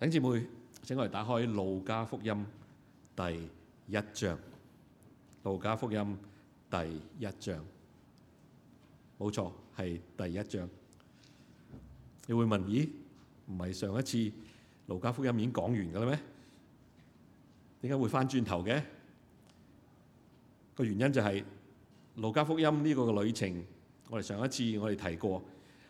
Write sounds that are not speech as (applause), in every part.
等姐妹，請我哋打開《路加福音》第一章，《路加福音》第一章，冇錯，係第一章。你會問：咦，唔係上一次《路加福音》已經講完㗎喇咩？點解會返轉頭嘅？個原因就係《路加福音》呢個嘅旅程，我哋上一次我哋提過，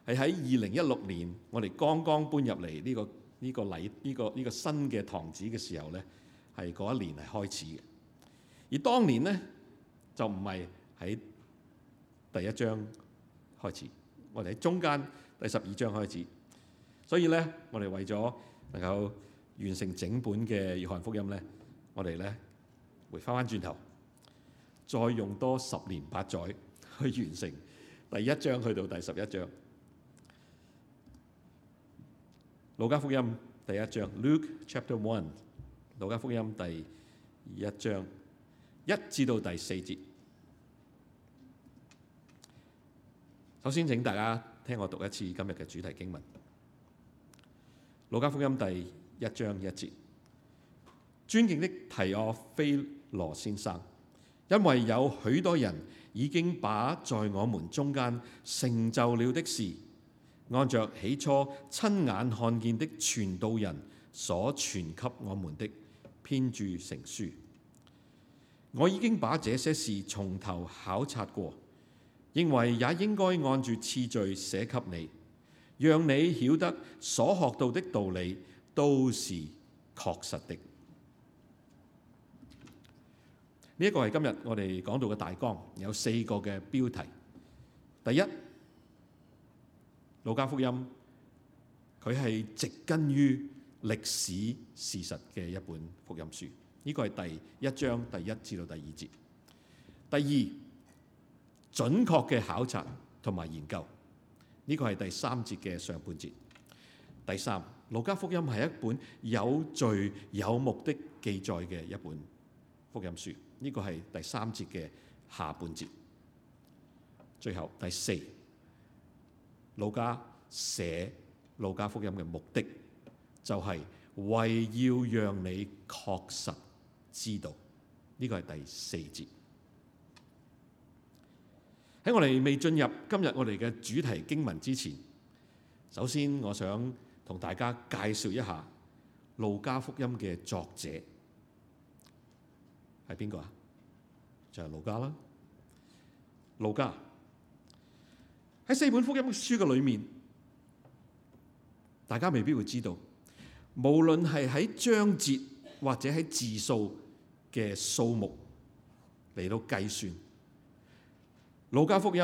係喺二零一六年，我哋剛剛搬入嚟呢個。呢、這個禮，呢、這個呢、這個新嘅堂子嘅時候咧，係嗰一年係開始嘅。而當年咧就唔係喺第一章開始，我哋喺中間第十二章開始。所以咧，我哋為咗能夠完成整本嘅《約翰福音》咧，我哋咧會翻翻轉頭，再用多十年八載去完成第一章去到第十一章。路加福音第一章，Luke Chapter One，路加福音第一章一至到第四節。首先，請大家聽我讀一次今日嘅主題經文。路加福音第一章一節，尊敬的提阿非羅先生，因為有許多人已經把在我們中間成就了的事。按著起初親眼看見的傳道人所傳給我們的編著成書，我已經把這些事從頭考察過，認為也應該按住次序寫給你，讓你曉得所學到的道理都是確實的。呢一個係今日我哋講到嘅大綱，有四個嘅標題，第一。《路加福音》，佢係植根於歷史事實嘅一本福音書。呢、這個係第一章第一至到第二節。第二，準確嘅考察同埋研究。呢、這個係第三節嘅上半節。第三，《路加福音》係一本有序有目的記載嘅一本福音書。呢、這個係第三節嘅下半節。最後第四。路加寫《路加福音》嘅目的，就係為要讓你確實知道，呢個係第四節。喺我哋未進入今日我哋嘅主題經文之前，首先我想同大家介紹一下《路加福音》嘅作者係邊個啊？就係、是、路加啦，路加。喺四本福音書嘅裏面，大家未必會知道，無論係喺章節或者喺字數嘅數目嚟到計算，路加福音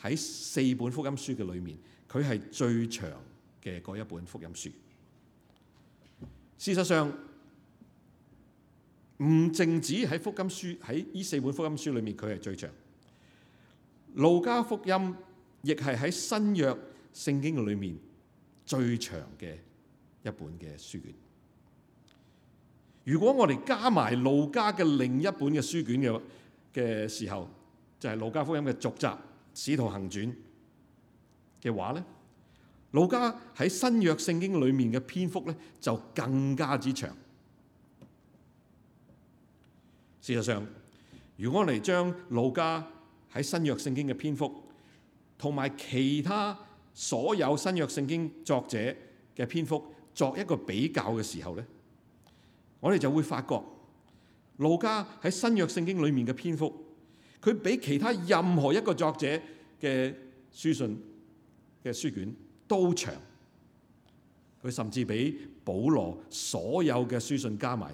喺四本福音書嘅裏面，佢係最長嘅嗰一本福音書。事實上，唔淨止喺福音書，喺呢四本福音書裏面，佢係最長，路加福音。亦係喺新約聖經裏面最長嘅一本嘅書卷。如果我哋加埋路加嘅另一本嘅書卷嘅嘅時候，就係路加福音嘅續集《使徒行傳》嘅話咧，路加喺新約聖經裏面嘅篇幅咧就更加之長。事實上，如果我哋將路加喺新約聖經嘅篇幅，同埋其他所有新約聖經作者嘅篇幅作一個比較嘅時候咧，我哋就會發覺路加喺新約聖經裡面嘅篇幅，佢比其他任何一個作者嘅書信嘅書卷都長。佢甚至比保羅所有嘅書信加埋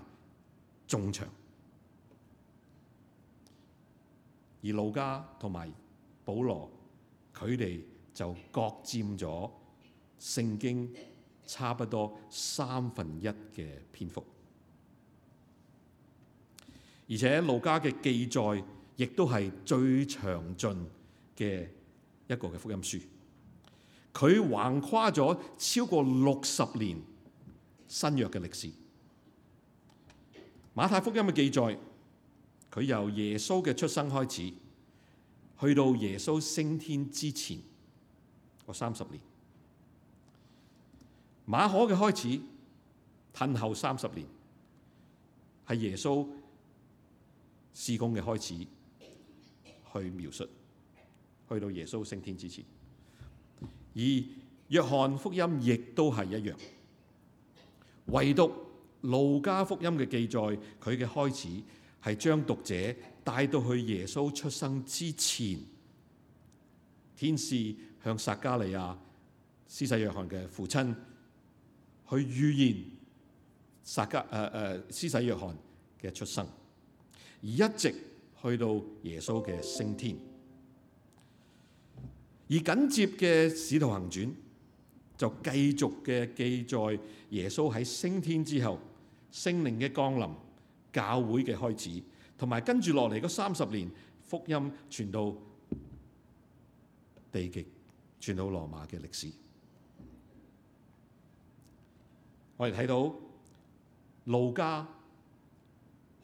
仲長。而路加同埋保羅，佢哋就各佔咗聖經差不多三分一嘅篇幅，而且路加嘅記載亦都係最詳盡嘅一個嘅福音書。佢橫跨咗超過六十年新約嘅歷史。馬太福音嘅記載，佢由耶穌嘅出生開始。去到耶穌升天之前嗰三十年，馬可嘅開始，褪後三十年，係耶穌事工嘅開始，去描述去到耶穌升天之前。而約翰福音亦都係一樣，唯獨路加福音嘅記載，佢嘅開始係將讀者，帶到去耶穌出生之前，天使向撒加利亞施洗約翰嘅父親去預言撒加誒誒施洗約翰嘅出生，而一直去到耶穌嘅升天。而緊接嘅《使徒行傳》就繼續嘅記載耶穌喺升天之後聖靈嘅降臨、教會嘅開始。同埋跟住落嚟嗰三十年，福音傳到地極，傳到羅馬嘅歷史，我哋睇到路加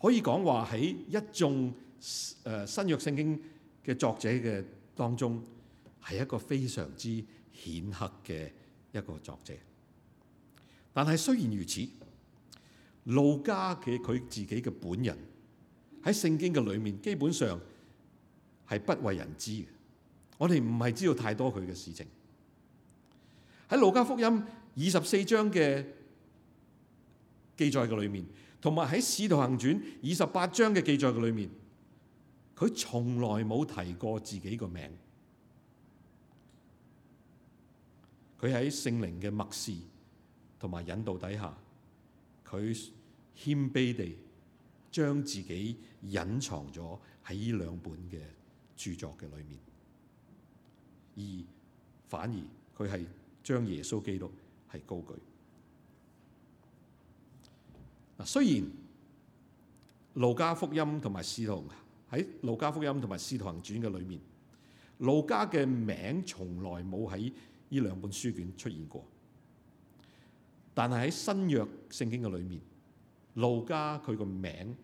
可以講話喺一眾誒、呃、新約聖經嘅作者嘅當中，係一個非常之顯赫嘅一個作者。但係雖然如此，路加嘅佢自己嘅本人。喺聖經嘅裏面，基本上係不為人知嘅。我哋唔係知道太多佢嘅事情。喺《路加福音》二十四章嘅記載嘅裏面，同埋喺《使徒行傳》二十八章嘅記載嘅裏面，佢從來冇提過自己個名。佢喺聖靈嘅默示同埋引導底下，佢謙卑地。將自己隱藏咗喺呢兩本嘅著作嘅裏面，而反而佢係將耶穌基督係高舉。嗱，雖然路加福音同埋《使徒喺路加福音》同埋《使徒行傳》嘅裏面，路加嘅名從來冇喺呢兩本書卷出現過，但係喺新約聖經嘅裏面。路加佢個名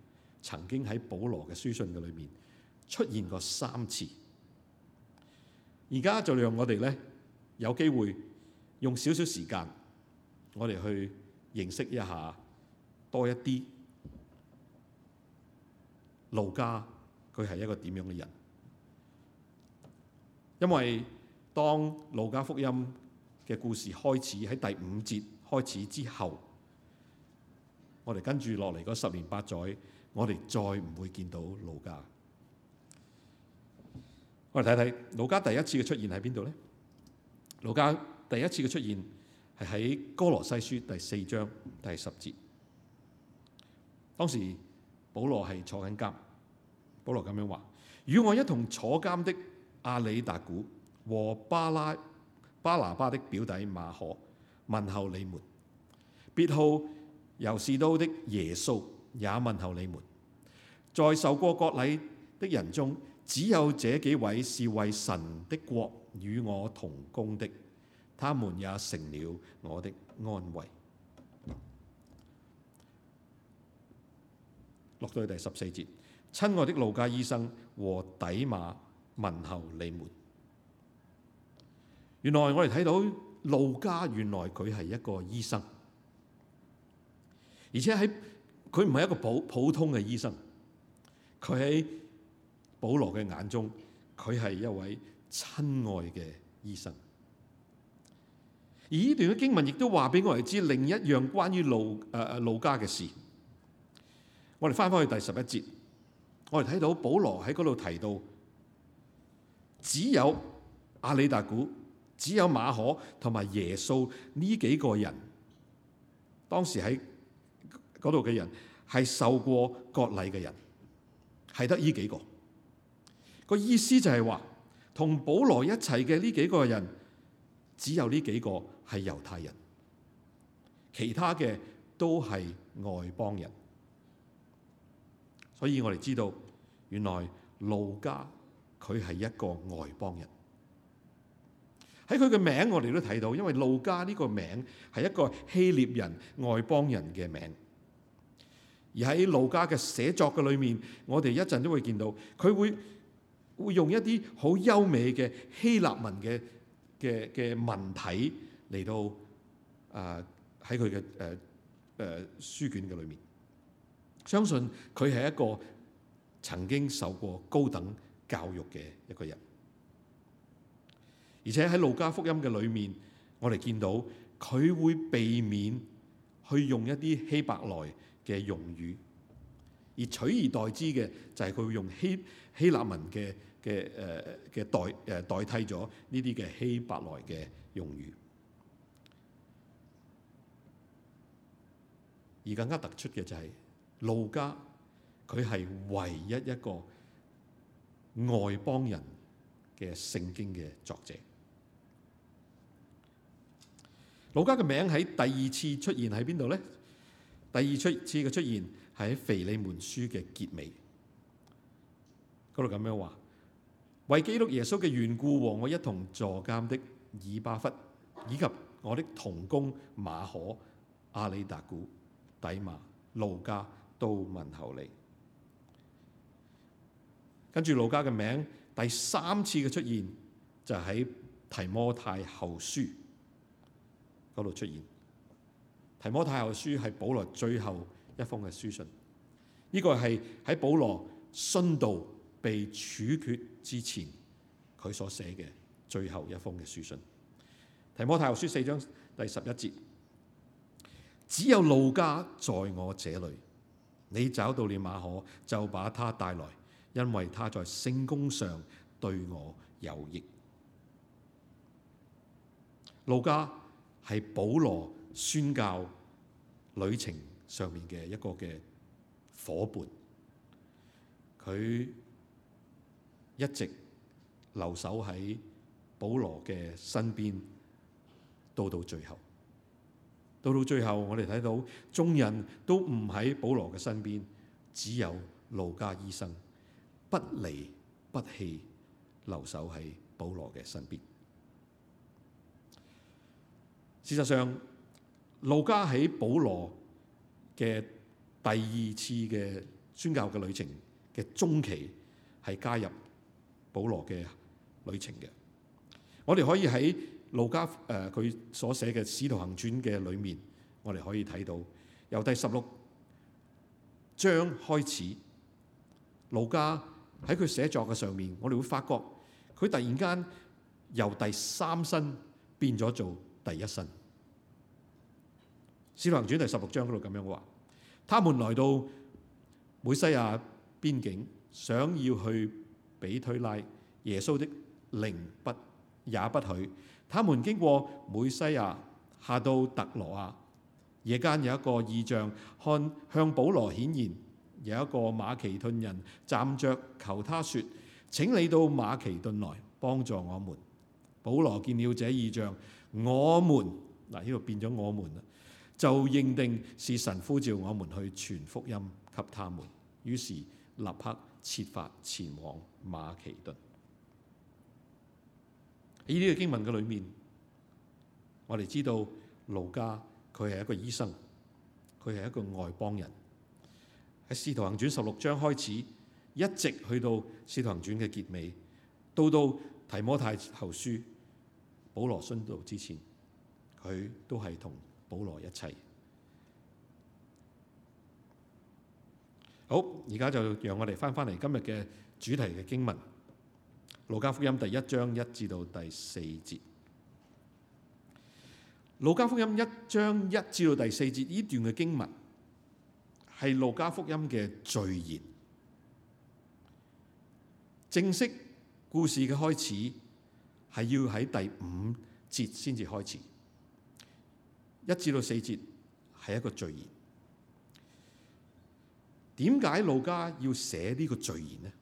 曾經喺保羅嘅書信嘅裏面出現過三次，而家就讓我哋咧有機會用少少時間，我哋去認識一下多一啲路加，佢係一個點樣嘅人，因為當路加福音嘅故事開始喺第五節開始之後。我哋跟住落嚟嗰十年八載，我哋再唔會見到路加。我哋睇睇路加第一次嘅出現喺邊度咧？路加第一次嘅出現係喺《哥羅西書》第四章第十節。當時保羅係坐緊監，保羅咁樣話：與我一同坐監的阿里達古和巴拉巴拿巴的表弟馬可，問候你們，別號。由士都的耶穌也問候你們，在受過割禮的人中，只有這幾位是為神的國與我同工的，他們也成了我的安慰。落到第十四節，親愛的路加醫生和底馬問候你們。原來我哋睇到路加，原來佢係一個醫生。而且喺佢唔係一個普普通嘅醫生，佢喺保羅嘅眼中，佢係一位親愛嘅醫生。而呢段嘅經文亦都話俾我哋知另一樣關於路誒路家嘅事。我哋翻返去第十一節，我哋睇到保羅喺嗰度提到，只有阿里達古、只有馬可同埋耶穌呢幾個人，當時喺嗰度嘅人係受過割禮嘅人，係得呢幾個，個意思就係話，同保羅一齊嘅呢幾個人，只有呢幾個係猶太人，其他嘅都係外邦人。所以我哋知道原來路加佢係一個外邦人。喺佢嘅名我哋都睇到，因為路加呢個名係一個希臘人外邦人嘅名。而喺路加嘅寫作嘅裏面，我哋一陣都會見到佢會會用一啲好優美嘅希臘文嘅嘅嘅文體嚟到啊，喺佢嘅誒誒書卷嘅裏面，相信佢係一個曾經受過高等教育嘅一個人，而且喺路加福音嘅裏面，我哋見到佢會避免去用一啲希伯來嘅用語，而取而代之嘅就係佢會用希希臘文嘅嘅誒嘅代誒、呃、代替咗呢啲嘅希伯來嘅用語。而更加突出嘅就係路加，佢係唯一一個外邦人嘅聖經嘅作者。路加嘅名喺第二次出現喺邊度咧？第二次嘅出現喺腓利門書嘅結尾嗰度咁樣話，為基督耶穌嘅緣故和我一同坐監的以巴弗，以及我的同工馬可、阿里達古、底馬、路加，都問候你。跟住路加嘅名第三次嘅出現就喺、是、提摩太後書嗰度出現。提摩太後書係保羅最後一封嘅書信，呢、這個係喺保羅殉道被處決之前，佢所寫嘅最後一封嘅書信。提摩太後書四章第十一節，只有路加在我這裏，你找到了馬可，就把他帶來，因為他在聖工上對我有益。路加係保羅。宣教旅程上面嘅一個嘅伙伴，佢一直留守喺保羅嘅身邊，到到最後，到到最後，我哋睇到眾人都唔喺保羅嘅身邊，只有路加醫生不離不棄留守喺保羅嘅身邊。事實上，路加喺保羅嘅第二次嘅宣教嘅旅程嘅中期，係加入保羅嘅旅程嘅。我哋可以喺路加誒佢所寫嘅《使徒行傳》嘅裏面，我哋可以睇到由第十六章開始，路加喺佢寫作嘅上面，我哋會發覺佢突然間由第三身變咗做第一身。《使徒行傳》第十六章嗰度咁樣話：他們來到每西亞邊境，想要去比推拉，耶穌的靈不也不許。他們經過每西亞，下到特羅亞。夜間有一個異象，看向，向保羅顯現，有一個馬其頓人站着求他說：請你到馬其頓來幫助我們。保羅見了這異象，我們嗱呢度變咗我們就認定是神呼召我們去傳福音給他們，於是立刻設法前往馬其頓。喺呢個經文嘅裏面，我哋知道路加佢係一個醫生，佢係一個外邦人，喺《使徒行傳》十六章開始，一直去到《使徒行傳》嘅結尾，到到提摩太後書保羅殉道之前，佢都係同，保羅一切好。而家就讓我哋翻翻嚟今日嘅主題嘅經文《路加福音》第一章一至到第四節，《路加福音》一章一至到第四節，呢段嘅經文係《路加福音》嘅序言，正式故事嘅開始係要喺第五節先至開始。一至到四節係一個序言，點解路加要寫呢個序言呢？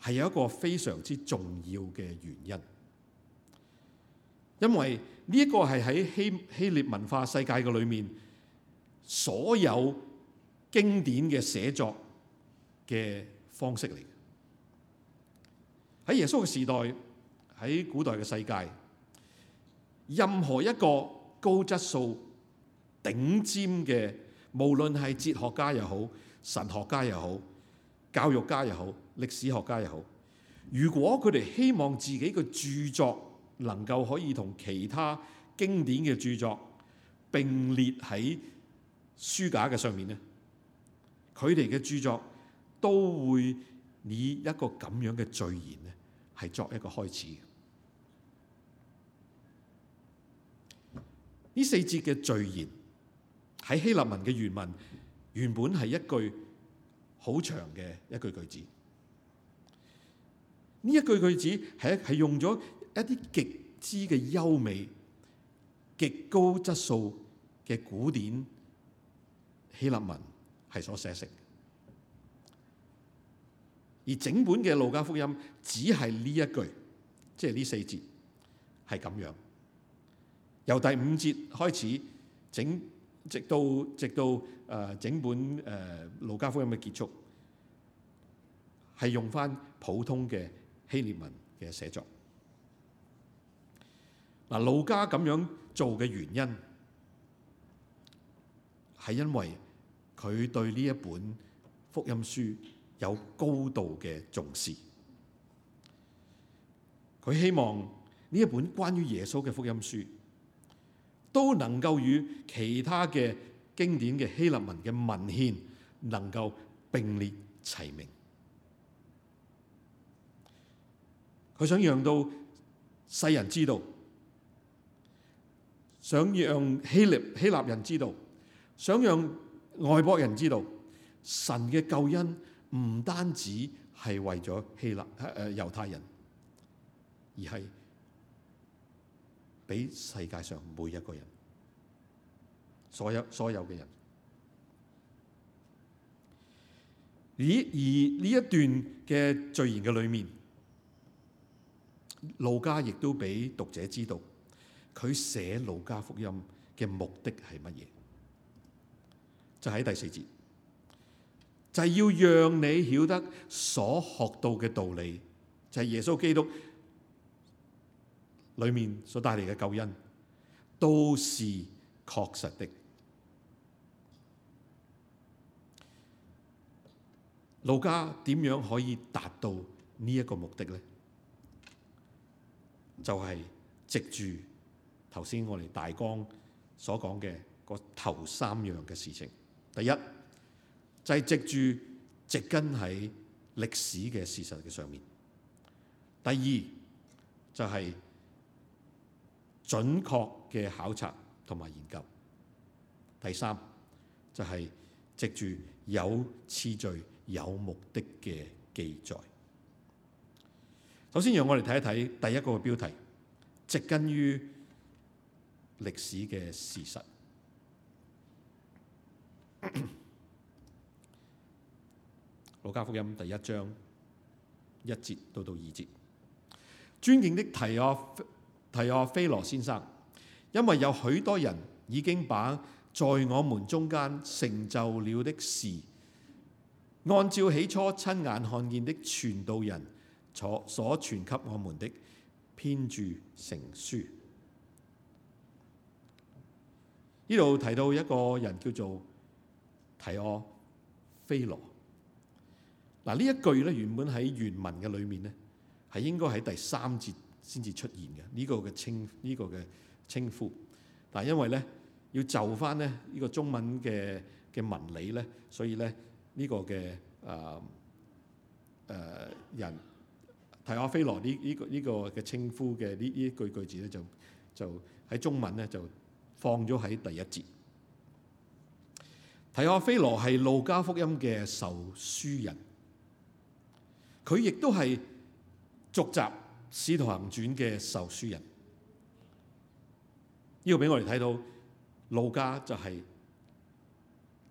係有一個非常之重要嘅原因，因為呢一個係喺希希臘文化世界嘅裏面，所有經典嘅寫作嘅方式嚟嘅。喺耶穌嘅時代，喺古代嘅世界，任何一個高質素、頂尖嘅，無論係哲學家又好、神學家又好、教育家又好、歷史學家又好，如果佢哋希望自己嘅著作能夠可以同其他經典嘅著作並列喺書架嘅上面咧，佢哋嘅著作都會以一個咁樣嘅序言咧，係作一個開始嘅。呢四節嘅序言，喺希臘文嘅原文，原本係一句好長嘅一句句子。呢一句句子係係用咗一啲極之嘅優美、極高質素嘅古典希臘文係所寫成。而整本嘅路加福音，只係呢一句，即係呢四節，係咁樣。由第五節開始，整直到直到誒、呃、整本誒路加福音嘅結束，係用翻普通嘅希臘文嘅寫作。嗱、呃，路加咁樣做嘅原因係因為佢對呢一本福音書有高度嘅重視，佢希望呢一本關於耶穌嘅福音書。都能夠與其他嘅經典嘅希臘文嘅文獻能夠並列齊名。佢想讓到世人知道，想讓希臘希臘人知道，想讓外國人知道，神嘅救恩唔單止係為咗希臘誒猶太人，而係。俾世界上每一個人，所有所有嘅人，咦，而而呢一段嘅序言嘅裏面，路加亦都俾讀者知道，佢寫路加福音嘅目的係乜嘢？就喺、是、第四節，就係、是、要讓你曉得所學到嘅道理，就係、是、耶穌基督。裏面所帶嚟嘅救恩都是確實的。路家點樣可以達到呢一個目的呢？就係藉住頭先我哋大綱所講嘅個頭三樣嘅事情。第一就係、是、藉住植根喺歷史嘅事實嘅上面。第二就係、是、準確嘅考察同埋研究。第三就係、是、藉住有次序、有目的嘅記載。首先，讓我哋睇一睇第一個，個標題，植根於歷史嘅事實。 (coughs) 《路加福音》第一章一節到到二節，尊敬的提亞。提阿菲羅先生，因為有許多人已經把在我們中間成就了的事，按照起初親眼看見的傳道人所所傳給我們的編著成書。呢度提到一個人叫做提阿菲羅。嗱呢一句咧原本喺原文嘅裏面咧，係應該喺第三節。先至出現嘅呢、這個嘅稱呢個嘅稱呼，但係因為咧要就翻咧呢、這個中文嘅嘅文理咧，所以咧呢、這個嘅誒誒人提阿非羅呢呢個呢個嘅稱呼嘅呢呢句句子咧就就喺中文咧就放咗喺第一節。提阿非羅係路加福音嘅受書人，佢亦都係續集。《使徒行傳》嘅受書人，呢、這個俾我哋睇到，路加就係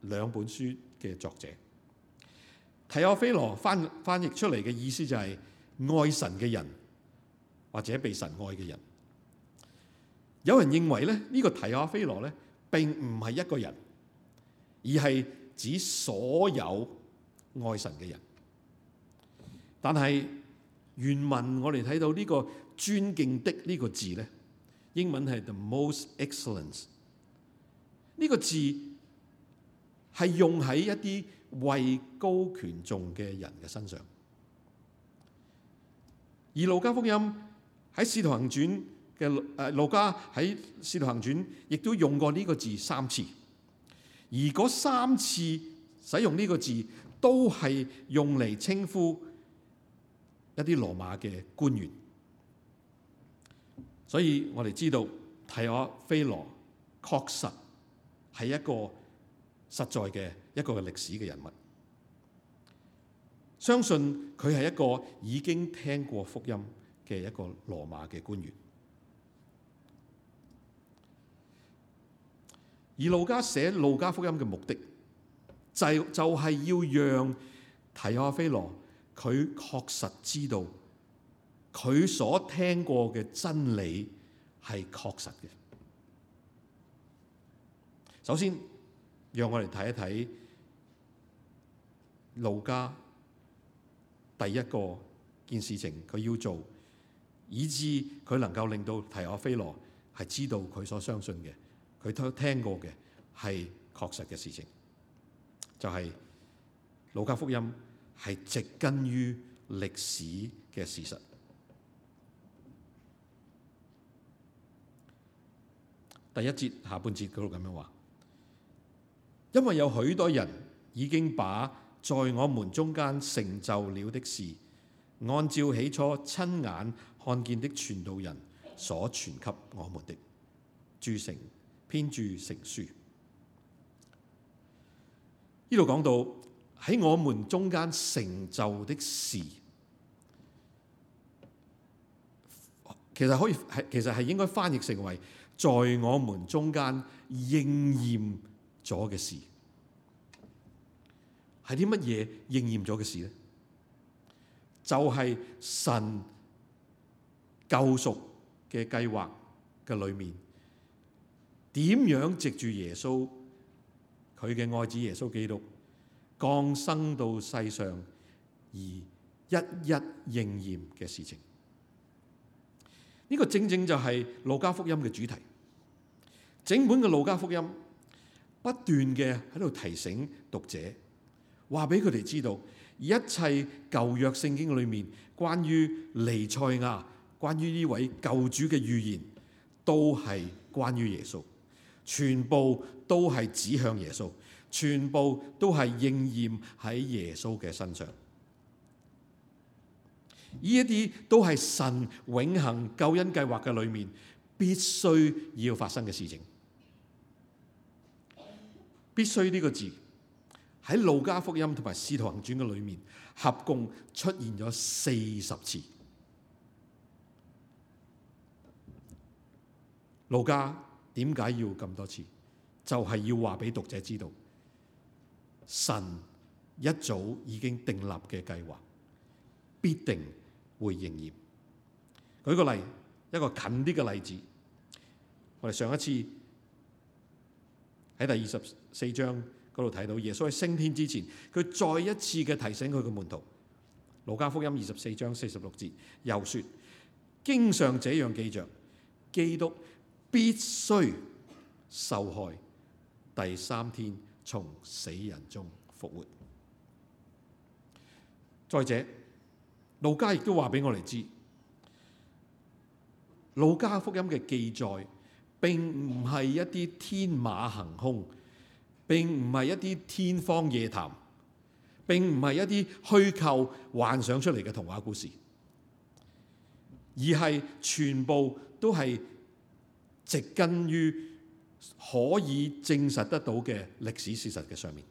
兩本書嘅作者。提阿非羅翻翻譯出嚟嘅意思就係、是、愛神嘅人，或者被神愛嘅人。有人認為咧，呢、這個提阿非羅咧並唔係一個人，而係指所有愛神嘅人。但係，原文我哋睇到呢個尊敬的呢個字咧，英文係 the most excellence。呢個字係用喺一啲位高權重嘅人嘅身上，而《路加福音》喺《使徒行傳》嘅誒《路加》喺《使徒行傳》亦都用過呢個字三次，而嗰三次使用呢個字都係用嚟稱呼。一啲羅馬嘅官員，所以我哋知道提阿菲羅確實係一個實在嘅一個歷史嘅人物。相信佢係一個已經聽過福音嘅一個羅馬嘅官員。而路加寫路加福音嘅目的，就就是、係要讓提阿菲羅。佢確實知道佢所聽過嘅真理係確實嘅。首先，讓我哋睇一睇路加第一個件事情，佢要做，以致，佢能夠令到提阿非羅係知道佢所相信嘅，佢聽聽過嘅係確實嘅事情，就係、是、路加福音。係植根於歷史嘅事實。第一節下半節嗰度咁樣話，因為有許多人已經把在我們中間成就了的事，按照起初親眼看見的傳道人所傳給我們的，著成編，著成書。呢度講到。喺我們中間成就的事，其實可以係其實係應該翻譯成為在我們中間應驗咗嘅事。係啲乜嘢應驗咗嘅事咧？就係、是、神救贖嘅計劃嘅裏面，點樣藉住耶穌，佢嘅愛子耶穌基督，降生到世上而一一應驗嘅事情，呢個正正就係路加福音嘅主題。整本嘅路加福音不斷嘅喺度提醒讀者，話俾佢哋知道，一切舊約聖經裏面關於彌賽亞、關於呢位救主嘅預言，都係關於耶穌，全部都係指向耶穌。全部都係應驗喺耶穌嘅身上，呢一啲都係神永恆救恩計劃嘅裏面必須要發生嘅事情。必須呢個字喺路加福音同埋《使徒行傳》嘅裏面合共出現咗四十次。路加點解要咁多次？就係、是、要話俾讀者知道。神一早已經定立嘅計劃，必定會應驗。舉個例，一個近啲嘅例子，我哋上一次喺第二十四章嗰度睇到，耶穌喺升天之前，佢再一次嘅提醒佢嘅門徒。路加福音二十四章四十六節又說：經上這樣記着，基督必須受害第三天。從死人中復活。再者，路加亦都話俾我哋知，路加福音嘅記載並唔係一啲天馬行空，並唔係一啲天方夜譚，並唔係一啲虛構幻想出嚟嘅童話故事，而係全部都係植根於可以證實得到嘅歷史事實嘅上面，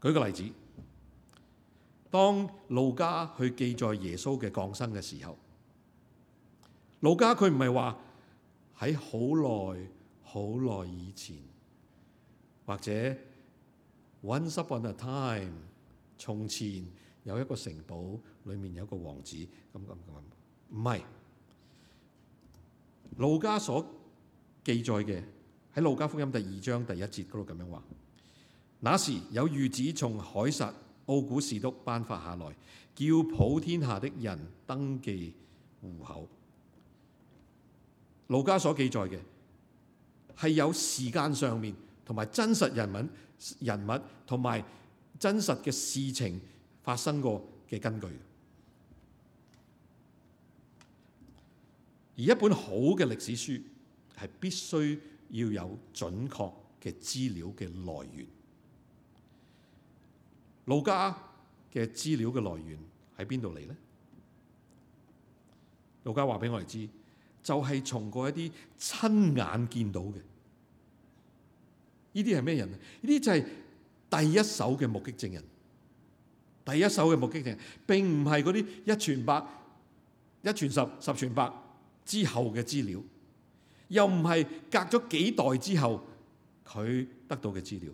舉個例子，當路加去記載耶穌嘅降生嘅時候，路加佢唔係話喺好耐好耐以前，或者 once upon a time，從前有一個城堡，裡面有一個王子咁咁咁，唔係路加所。記載嘅喺《路加福音》第二章第一節嗰度咁樣話：那時有御旨從海撒奧古士都頒發下來，叫普天下的人登記戶口。路加所記載嘅係有時間上面同埋真實人民人物同埋真實嘅事情發生過嘅根據。而一本好嘅歷史書，係必須要有準確嘅資料嘅來源。路加嘅資料嘅來源喺邊度嚟咧？路加話俾我哋知，就係、是、從過一啲親眼見到嘅。呢啲係咩人啊？呢啲就係第一手嘅目擊證人，第一手嘅目擊證人，並唔係嗰啲一傳百、一傳十、十傳百之後嘅資料。又唔係隔咗幾代之後佢得到嘅資料。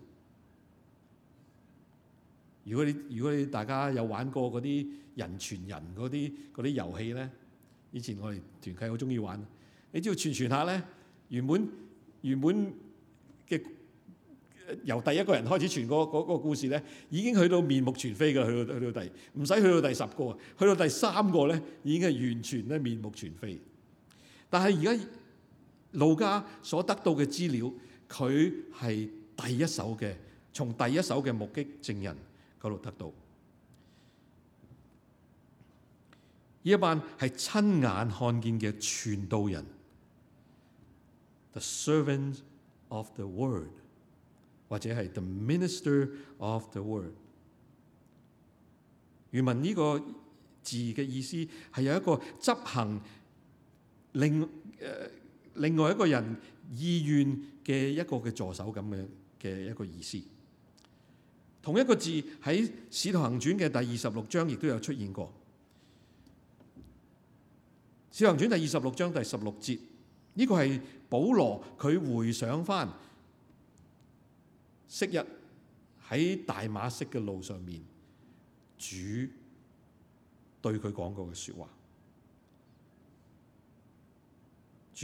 如果你如果你大家有玩過嗰啲人傳人嗰啲嗰啲遊戲咧，以前我哋團契好中意玩，你只要傳傳下咧，原本原本嘅由第一個人開始傳嗰、嗰個嗰個故事咧，已經去到面目全非嘅，去到去到第唔使去到第十個，去到第三個咧已經係完全咧面目全非。但係而家。路加所得到嘅資料，佢係第一手嘅，從第一手嘅目擊證人嗰度得到。呢一班係親眼看見嘅傳道人，the servants of the word，或者係 the minister of the word。原文呢個字嘅意思係有一個執行令誒，另外一個人意願嘅一個嘅助手咁樣嘅一個意思，同一個字喺《使徒行傳》嘅第二十六章亦都有出現過，《使徒行傳》第二十六章第十六節，呢、這個係保羅佢回想翻昔日喺大馬色嘅路上面，主對佢講過嘅説話。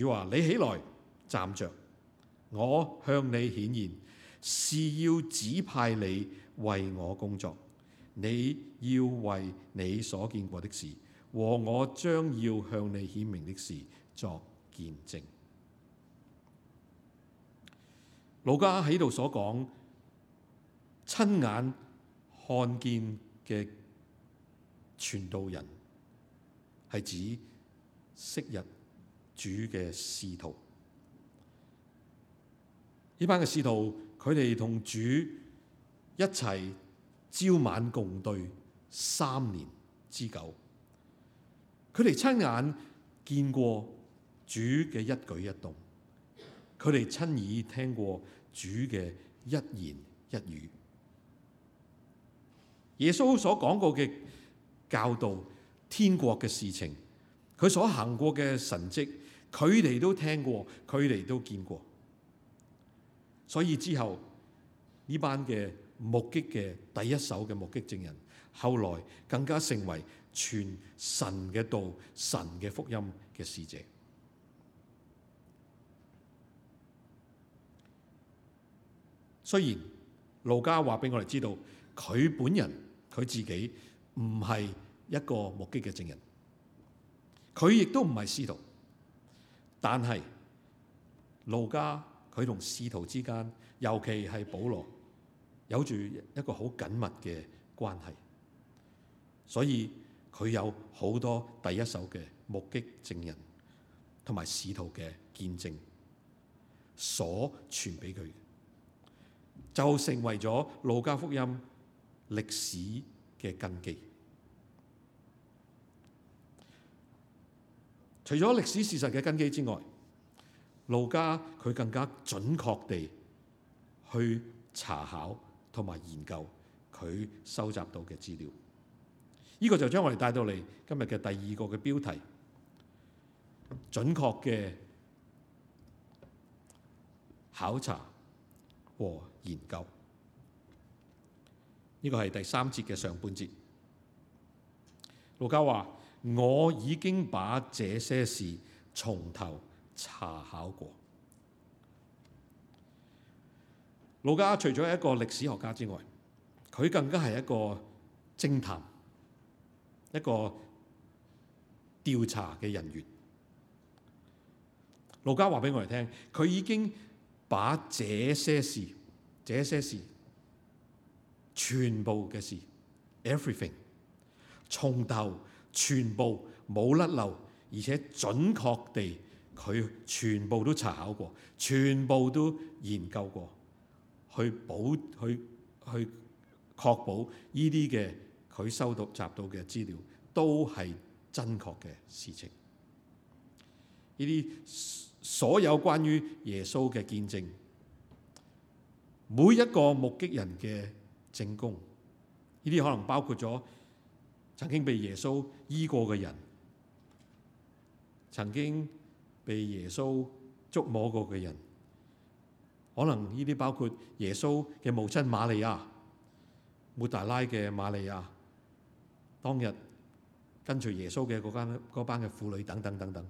主話、啊：你起來站着，我向你顯現，是要指派你為我工作。你要為你所見過的事和我將要向你顯明的事作見證。路加喺度所講，親眼看見嘅傳道人，係指昔日。主嘅使徒，呢班嘅使徒，佢哋同主一齊朝晚共對三年之久，佢哋親眼見過主嘅一舉一動，佢哋親耳聽過主嘅一言一語。耶穌所講過嘅教導、天國嘅事情，佢所行過嘅神蹟。佢哋都聽過，佢哋都見過，所以之後呢班嘅目擊嘅第一手嘅目擊證人，後來更加成為全神嘅道、神嘅福音嘅使者。雖然路加話俾我哋知道，佢本人佢自己唔係一個目擊嘅證人，佢亦都唔係使徒。但係，路加，佢同使徒之間，尤其係保羅，有住一個好緊密嘅關係，所以佢有好多第一手嘅目擊證人，同埋使徒嘅見證，所傳俾佢，就成為咗路加福音歷史嘅根基。除咗歷史事實嘅根基之外，路加佢更加準確地去查考同埋研究佢收集到嘅資料。呢個就將我哋帶到嚟今日嘅第二個嘅標題：準確嘅考察和研究。呢個係第三節嘅上半節。路加話。我已經把這些事從頭查考過。路加除咗一個歷史學家之外，佢更加係一個偵探，一個調查嘅人員。路加話俾我哋聽，佢已經把這些事、這些事、全部嘅事，everything，從頭。全部冇甩漏，漏，而且準確地，佢全部都查考過，全部都研究過，去保去去確保呢啲嘅佢收到集到嘅資料都係真確嘅事情。呢啲所有關於耶穌嘅見證，每一個目擊人嘅證供，呢啲可能包括咗。曾經被耶穌醫過嘅人，曾經被耶穌捉摸過嘅人，可能呢啲包括耶穌嘅母親瑪利亞、抹大拉嘅瑪利亞，當日跟隨耶穌嘅嗰班嗰班嘅婦女等等等等，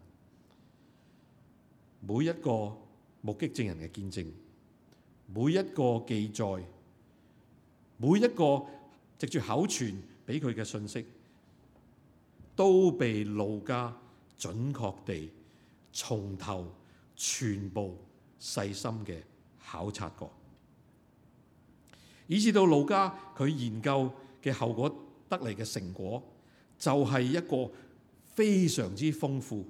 每一個目擊證人嘅見證，每一個記載，每一個藉住口傳俾佢嘅信息。都被路加準確地從頭全部細心嘅考察過，以至到路加，佢研究嘅後果得嚟嘅成果，就係一個非常之豐富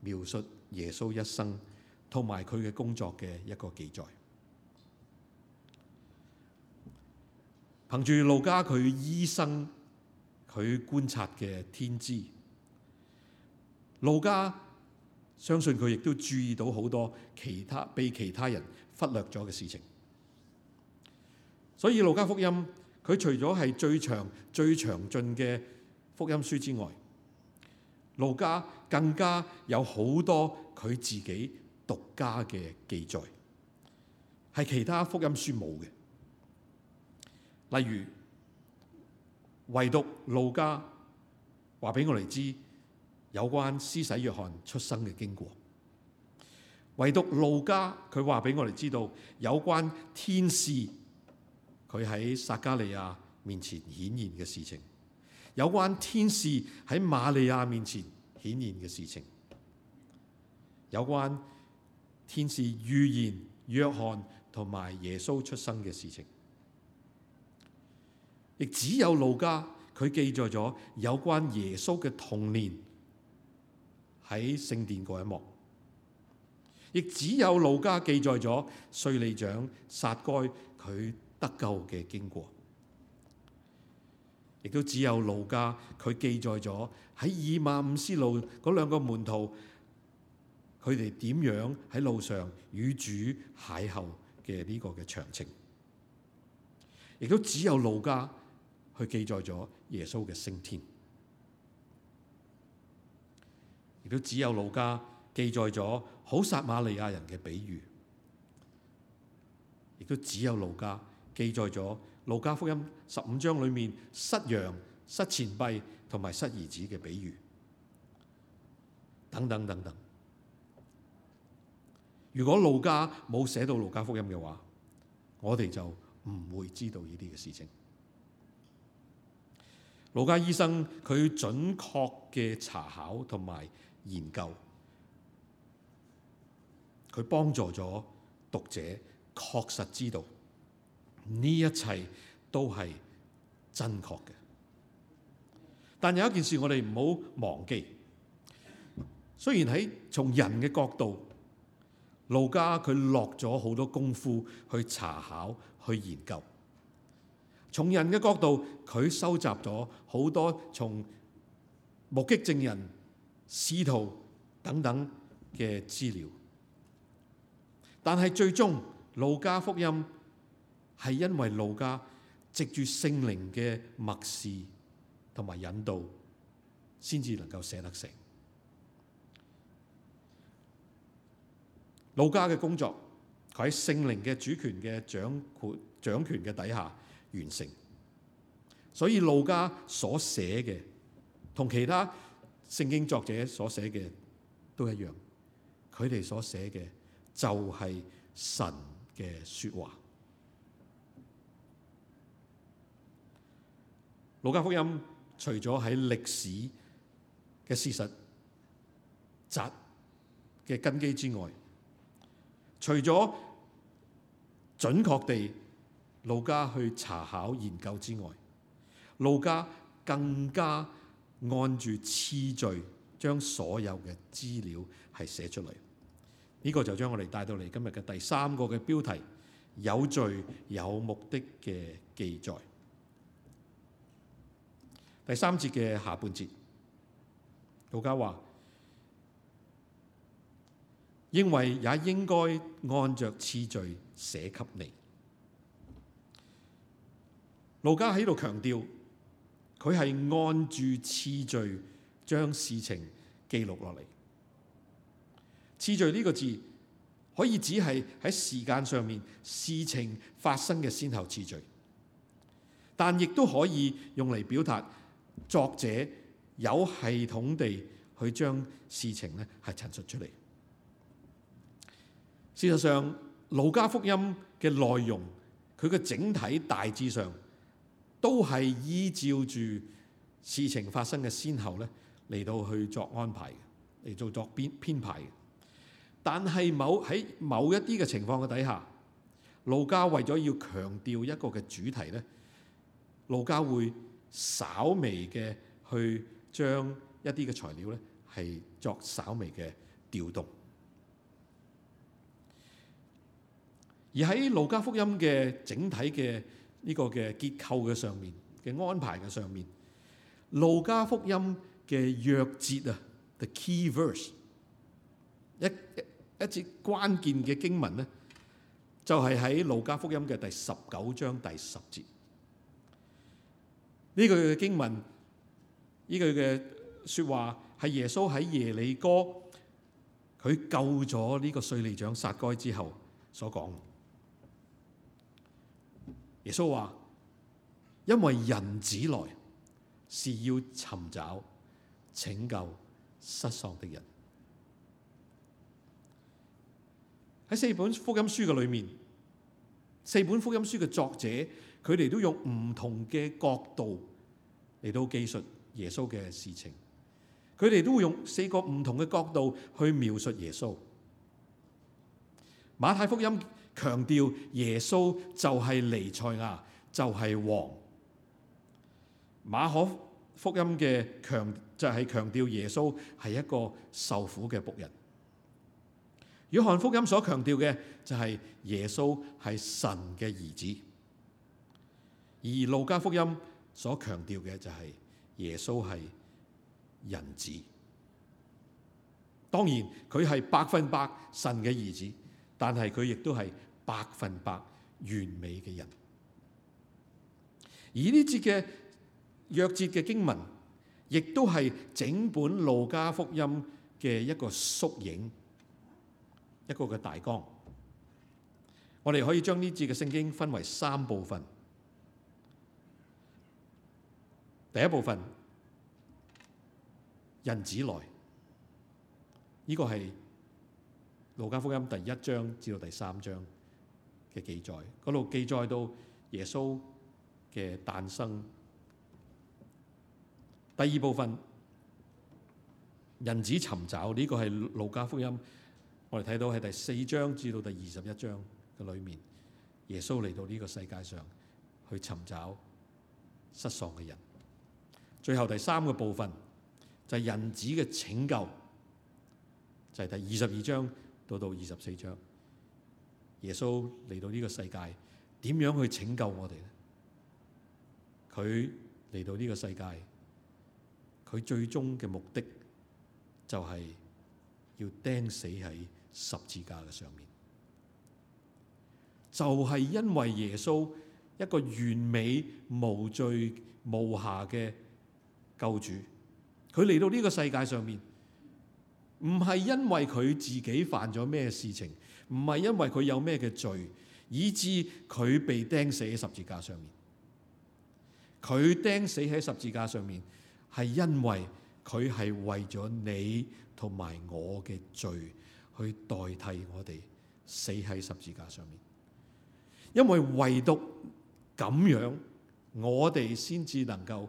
描述耶穌一生同埋佢嘅工作嘅一個記載。憑住路加，佢醫生。佢觀察嘅天資，路加相信佢亦都注意到好多其他被其他人忽略咗嘅事情。所以路加福音佢除咗係最長、最詳盡嘅福音書之外，路加更加有好多佢自己獨家嘅記載，係其他福音書冇嘅，例如。唯獨路加話俾我哋知有關施洗約翰出生嘅經過。唯獨路加佢話俾我哋知道有關天使佢喺撒加利亞面前顯現嘅事情，有關天使喺瑪利亞面前顯現嘅事情，有關天使預言約翰同埋耶穌出生嘅事情。亦只有路加，佢記載咗有關耶穌嘅童年喺聖殿嗰一幕；亦只有路加記載咗稅吏長撒該佢得救嘅經過；亦都只有路加，佢記載咗喺以馬忤斯路嗰兩個門徒佢哋點樣喺路上與主邂逅嘅呢個嘅詳情；亦都只有路加，去記載咗耶穌嘅升天，亦都只有路加記載咗好撒瑪利亞人嘅比喻，亦都只有路加記載咗路加福音十五章裏面失羊、失錢幣同埋失兒子嘅比喻，等等等等。如果路加冇寫到路加福音嘅話，我哋就唔會知道呢啲嘅事情。路加醫生佢準確嘅查考同埋研究，佢幫助咗讀者確實知道呢一切都係真確嘅。但有一件事我哋唔好忘記，雖然喺從人嘅角度，路加佢落咗好多功夫去查考去研究。從人嘅角度，佢收集咗好多從目擊證人、試圖等等嘅資料，但係最終《路加福音》係因為路加藉住聖靈嘅默示同埋引導，先至能夠寫得成。路加嘅工作佢喺聖靈嘅主權嘅掌括掌權嘅底下，完成，所以路加所寫嘅同其他聖經作者所寫嘅都一樣，佢哋所寫嘅就係、是、神嘅說話。路加福音除咗喺歷史嘅事實紮嘅根基之外，除咗準確地，路加去查考研究之外，路加更加按住次序將所有嘅資料係寫出嚟。呢、這個就將我哋帶到嚟今日嘅第三個嘅標題：有罪有目的嘅記載。第三節嘅下半節，路加話：認為也應該按着次序寫給你。路加喺度強調，佢係按住次序將事情記錄落嚟。次序呢個字可以指係喺時間上面事情發生嘅先後次序，但亦都可以用嚟表達作者有系統地去將事情咧係陳述出嚟。事實上，路加福音嘅內容，佢嘅整體大致上，都係依照住事情發生嘅先後咧嚟到去作安排，嚟做作編編排嘅。但係某喺某一啲嘅情況嘅底下，路加為咗要強調一個嘅主題咧，路加會稍微嘅去將一啲嘅材料咧係作稍微嘅調動。而喺路加福音嘅整體嘅。呢、這個嘅結構嘅上面嘅安排嘅上面，上面路加福音嘅弱節啊，The key verse，一一一節關鍵嘅經文咧，就係、是、喺路加福音嘅第十九章第十節。呢句嘅經文，呢句嘅説話係耶穌喺耶利哥，佢救咗呢個稅吏長撒該之後所講。耶穌話：因為人子來，是要尋找拯救失喪的人。喺四本福音書嘅裏面，四本福音書嘅作者，佢哋都用唔同嘅角度嚟到記述耶穌嘅事情。佢哋都會用四個唔同嘅角度去描述耶穌。馬太福音。強調耶穌就係彌賽亞，就係、是、王。馬可福音嘅強就係、是、強調耶穌係一個受苦嘅僕人。約翰福音所強調嘅就係耶穌係神嘅兒子，而路加福音所強調嘅就係耶穌係人子。當然佢係百分百神嘅兒子。但係佢亦都係百分百完美嘅人，而呢節嘅弱節嘅經文，亦都係整本路加福音嘅一個縮影，一個嘅大綱。我哋可以將呢節嘅聖經分為三部分。第一部分，人子來，呢個係。路加福音第一章至到第三章嘅記載，嗰度記載到耶穌嘅誕生。第二部分，人子尋找呢個係路加福音，我哋睇到係第四章至到第二十一章嘅裏面，耶穌嚟到呢個世界上去尋找失喪嘅人。最後第三個部分就係人子嘅拯救，就係第二十二章。到二十四章，耶穌嚟到呢個世界，點樣去拯救我哋咧？佢嚟到呢個世界，佢最終嘅目的就係要釘死喺十字架嘅上面。就係因為耶穌一個完美無罪無瑕嘅救主，佢嚟到呢個世界上面。唔係因為佢自己犯咗咩事情，唔係因為佢有咩嘅罪，以致佢被釘死喺十字架上面。佢釘死喺十字架上面，係因為佢係為咗你同埋我嘅罪，去代替我哋死喺十字架上面。因為唯獨咁樣，我哋先至能夠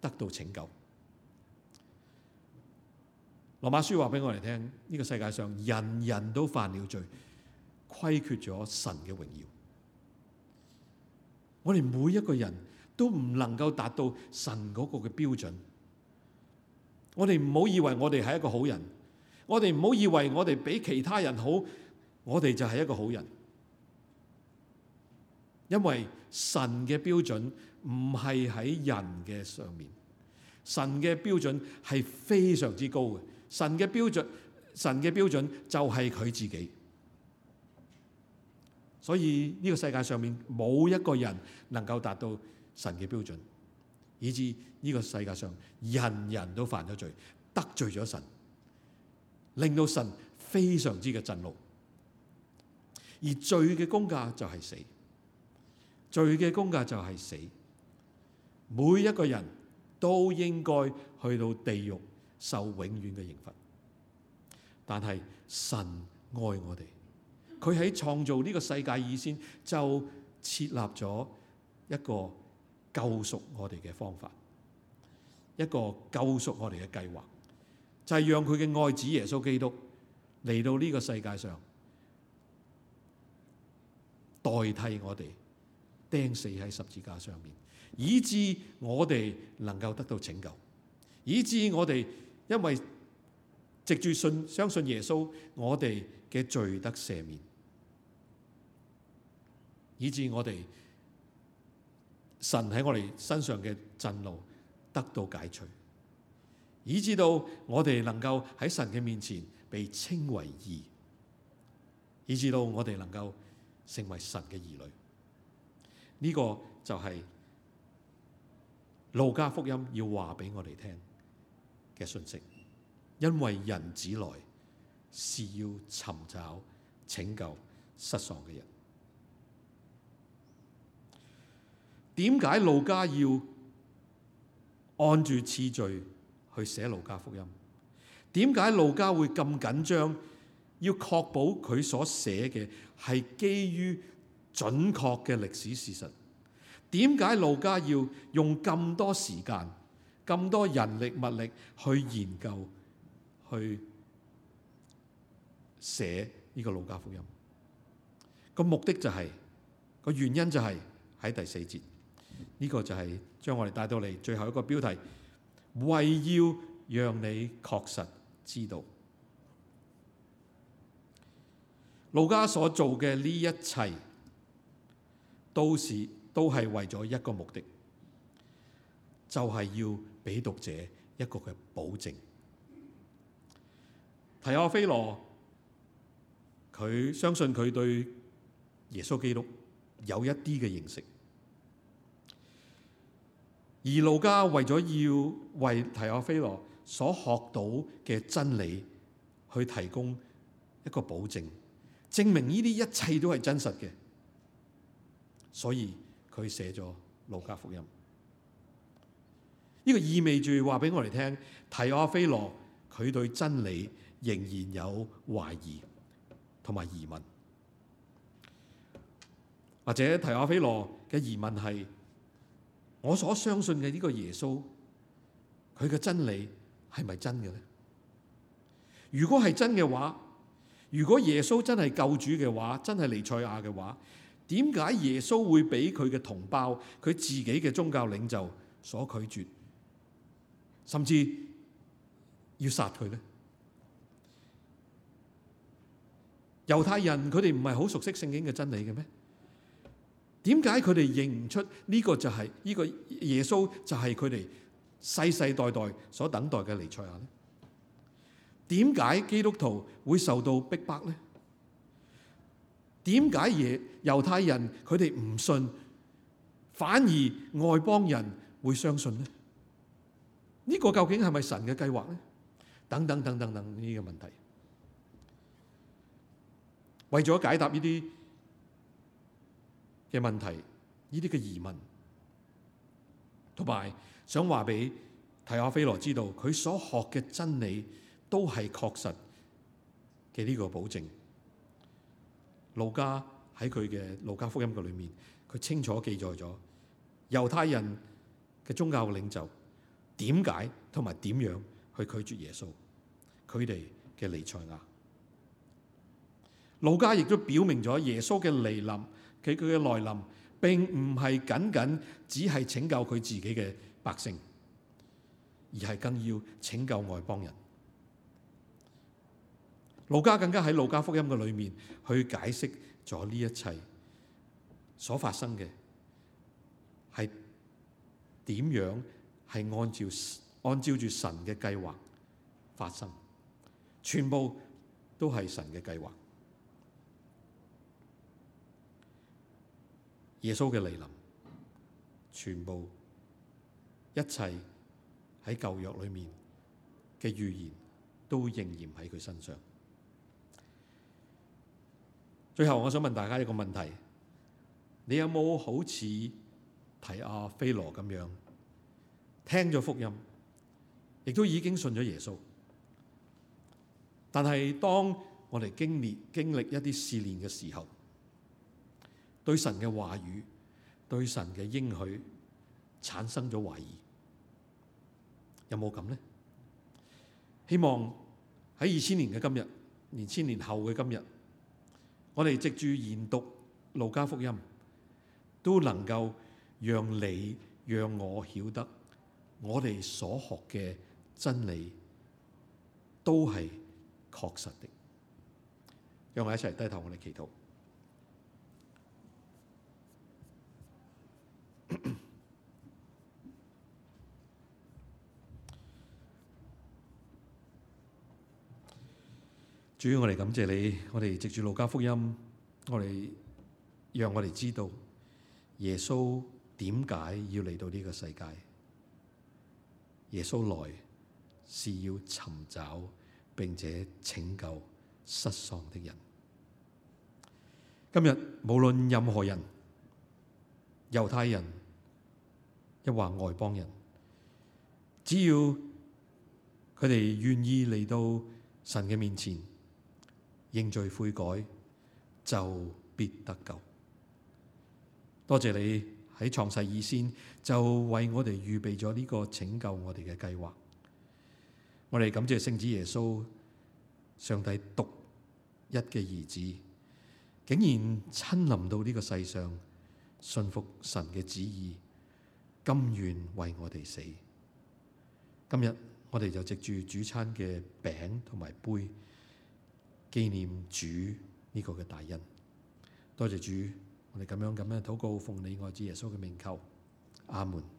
得到拯救。羅馬書話俾我哋聽：呢個世界上人人都犯了罪，虧缺咗神嘅榮耀。我哋每一個人都唔能夠達到神嗰個嘅標準。我哋唔好以為我哋係一個好人，我哋唔好以為我哋比其他人好，我哋就係一個好人。因為神嘅標準唔係喺人嘅上面，神嘅標準係非常之高嘅。神嘅標準，神嘅標準就係佢自己，所以呢個世界上面冇一個人能夠達到神嘅標準，以至呢個世界上人人都犯咗罪，得罪咗神，令到神非常之嘅震怒。而罪嘅工價就係死，罪嘅工價就係死，每一個人都應該去到地獄，受永遠嘅刑罰，但係神愛我哋，佢喺創造呢個世界以前，就設立咗一個救贖我哋嘅方法，一個救贖我哋嘅計劃，就係讓佢嘅愛子耶穌基督嚟到呢個世界上，代替我哋釘死喺十字架上面，以致我哋能夠得到拯救，以致我哋。因為藉住信，相信耶穌，我哋嘅罪得赦免，以致我哋神喺我哋身上嘅震怒得到解除，以致到我哋能夠喺神嘅面前被稱為義，以致到我哋能夠成為神嘅兒女。呢、呢個就係路加福音要話俾我哋聽嘅信息，因為人子來，是要尋找拯救失喪嘅人。點解路加要按住次序去寫路加福音？點解路加會咁緊張，要確保佢所寫嘅係基於準確嘅歷史事實？點解路加要用咁多時間？咁多人力物力去研究、去寫呢個《路加福音》，個目的就係、是、個原因就係喺第四節，呢、這個就係將我哋帶到嚟最後一個標題，為要讓你確實知道，路加所做嘅呢一切，到時都是都係為咗一個目的，就係、是、要。俾讀者一個嘅保證，提亞菲羅佢相信佢對耶穌基督有一啲嘅認識，而路加為咗要為提亞菲羅所學到嘅真理去提供一個保證，證明呢啲一切都係真實嘅，所以佢寫咗路加福音。呢、這個意味住話俾我哋聽，提亞菲羅佢對真理仍然有懷疑同埋疑問，或者提亞菲羅嘅疑問係：我所相信嘅呢個耶穌，佢嘅真理係咪真嘅呢？如果係真嘅話，如果耶穌真係救主嘅話，真係彌賽亞嘅話，點解耶穌會俾佢嘅同胞、佢自己嘅宗教領袖所拒絕？甚至要殺佢呢？猶太人佢哋唔係好熟悉聖經嘅真理嘅咩？點解佢哋認唔出呢個就係呢個耶穌就係佢哋世世代代所等待嘅彌賽亞呢？點解基督徒會受到逼迫呢？點解嘢猶太人佢哋唔信，反而外邦人會相信呢？呢個究竟係咪神嘅計劃咧？等等等等等呢個問題，為咗解答呢啲嘅問題，呢啲嘅疑問，同埋想話俾提亞菲羅知道，佢所學嘅真理都係確實嘅呢個保證。路加喺佢嘅路加福音嘅裏面，佢清楚記載咗猶太人嘅宗教領袖。點解同埋點樣去拒絕耶穌？佢哋嘅彌賽亞，路加亦都表明咗耶穌嘅嚟臨，佢佢嘅來臨並唔係僅僅只係拯救佢自己嘅百姓，而係更要拯救外邦人。路加更加喺路加福音嘅裏面去解釋咗呢一切所發生嘅係點樣。係按照按照住神嘅計劃發生，全部都係神嘅計劃。耶穌嘅來臨，全部一切喺舊約裏面嘅預言都應驗喺佢身上。最後，我想問大家一個問題：你有冇好似提阿菲羅咁樣？聽咗福音，亦都已經信咗耶穌，但係當我哋經歷經歷一啲試煉嘅時候，對神嘅話語、對神嘅應許產生咗懷疑，有冇咁呢？希望喺二千年嘅今日，二千年後嘅今日，我哋藉住研讀路加福音，都能夠讓你讓我曉得。我哋所學嘅真理都係確實的，讓我哋一齊低頭，我哋祈禱。主，要我哋感謝你，我哋藉住路加福音，我哋讓我哋知道耶穌點解要嚟到呢個世界。耶穌來，是要尋找並且拯救失喪的人。今日無論任何人，猶太人亦或外邦人，只要佢哋願意嚟到神嘅面前，認罪悔改，就必得救。多謝你。喺創世以前就為我哋預備咗呢個拯救我哋嘅計劃。我哋感謝聖子耶穌，上帝獨一嘅兒子，竟然親臨到呢個世上，信服神嘅旨意，甘願為我哋死。今日我哋就藉住主餐嘅餅同埋杯，紀念主呢個嘅大恩。多謝主。我哋咁樣咁樣禱告，奉你愛子耶穌嘅名求，阿門。